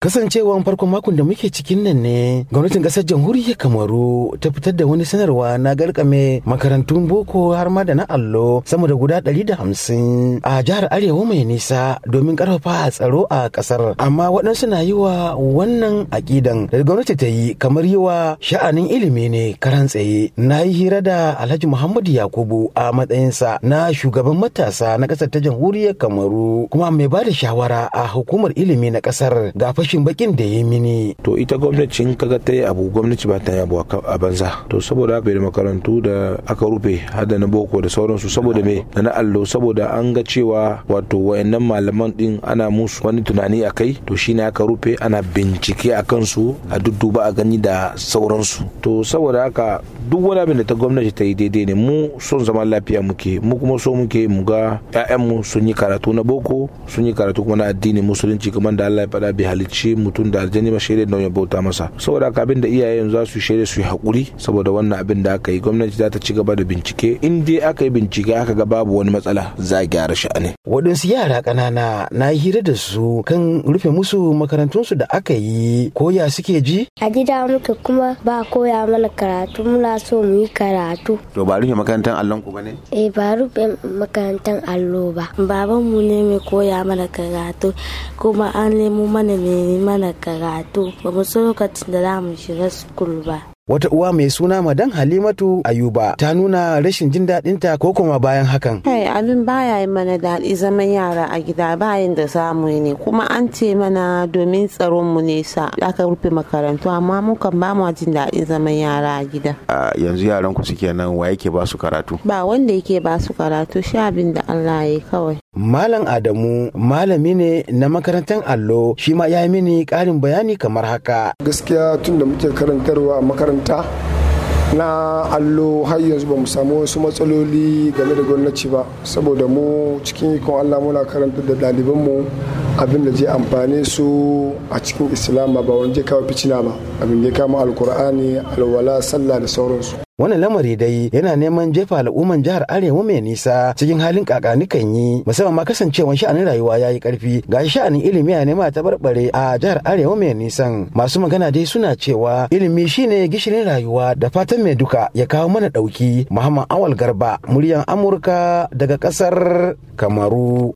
Kasancewan farkon makon da muke cikin nan ne, gwamnatin ƙasar jamhuriyar Kamaru ta fitar da wani sanarwa na garkame makarantun boko har ma da na allo sama da guda ɗari da hamsin a jihar Arewa mai nisa domin ƙarfafa a tsaro a ƙasar. Amma waɗansu na yi wa wannan aƙidan da gwamnati ta yi kamar yi wa sha'anin ilimi ne karan tsaye. Na yi hira da Alhaji Muhammadu Yakubu a matsayinsa na shugaban matasa na ƙasar ta jamhuriyar Kamaru kuma mai ba da shawara a hukumar ilimi na ƙasar ga fashin bakin da ya mini to ita gwamnati in kaga ta yi abu gwamnati ba ta yi abu a banza to saboda haka da makarantu da aka rufe hada na boko da sauransu saboda me da na allo saboda an ga cewa wato wayannan malaman din ana musu wani tunani a kai to shine aka rufe ana bincike a kansu a dudduba a gani da sauransu to saboda haka duk wani abin da ta gwamnati ta yi daidai ne mu son zaman lafiya muke mu kuma so muke mu ga mu sun yi karatu na boko sun yi karatu kuma na addini musulunci kamar da Allah ya faɗa bi halicci mutum da aljanni ma shaidar da ya bauta masa saboda haka abin da iyayen za su shaida su yi hakuri saboda wannan abin da aka yi gwamnati za ta ci gaba da bincike in dai aka yi bincike aka ga babu wani matsala za a gyara sha'ani waɗansu yara ƙanana na yi hira da su kan rufe musu makarantunsu da aka yi koya suke ji a gida muka kuma ba koya mana karatu muna so mu yi karatu. To ba rufe makarantar allon ku ba ne? Eh ba rufe makarantar allo ba. Baban mu ne mai koya mana karatu kuma an nemo mana mai mana karatu ba mu so lokacin da za mu shiga sukul ba. wata uwa mai suna madan halimatu ayuba ta nuna rashin jin daɗinta ko kuma bayan hakan kai abin baya yi mana daɗi zaman yara a gida bayan da samu ne kuma an ce mana domin tsaron mu nesa aka rufe makarantu amma mu kan ba mu jin daɗin zaman yara a gida yanzu yaran ku suke nan wa yake ba su karatu ba wanda yake ba su karatu sha abin da Allah ya kawai Malam Adamu malami ne na makarantar allo shi ma ya yi mini ƙarin bayani kamar haka. Gaskiya tun da muke karantarwa a makaranta na allo har yanzu ba mu samu wasu matsaloli game da gwamnati ba saboda mu cikin ikon Allah muna karanta da ɗalibanmu abin da zai amfane su a cikin islama ba wani kawo ficina ba abin da ya kama alkur'ani alwala sallah da sauransu wannan lamari dai yana neman jefa al'umman jihar arewa mai nisa cikin halin kakanikan yi musamman ma kasancewan sha'anin rayuwa ya yi karfi ga sha'anin ilimi a nema ta barbare a jihar arewa mai nisan masu magana dai suna cewa ilimi shine gishirin rayuwa da fatan mai duka ya kawo mana dauki muhammad awal garba muryan amurka daga kasar kamaru